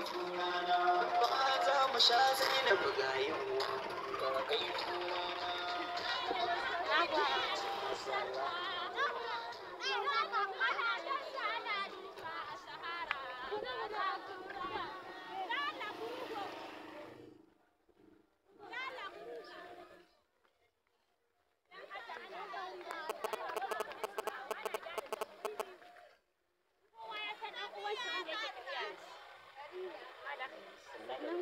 tunana ba mu sha zainabu ga yau ba kai tunana Thank you. Salam.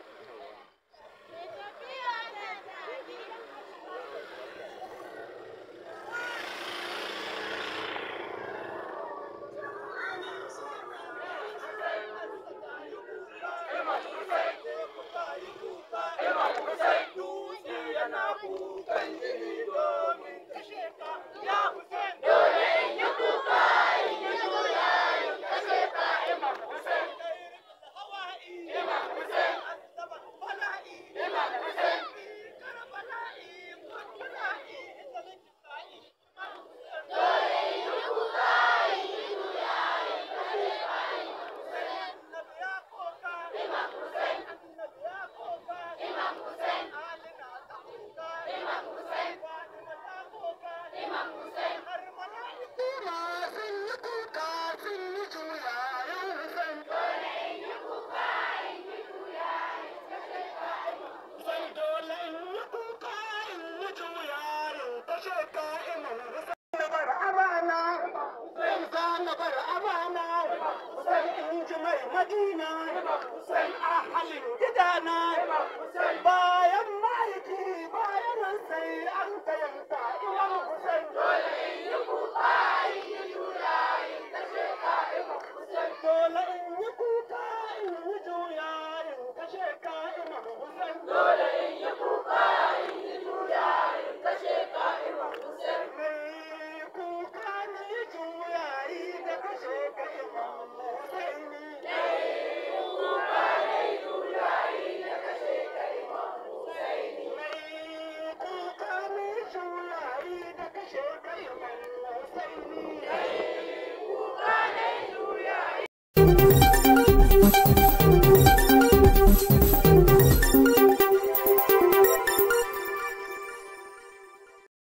Thank you. an Thank you.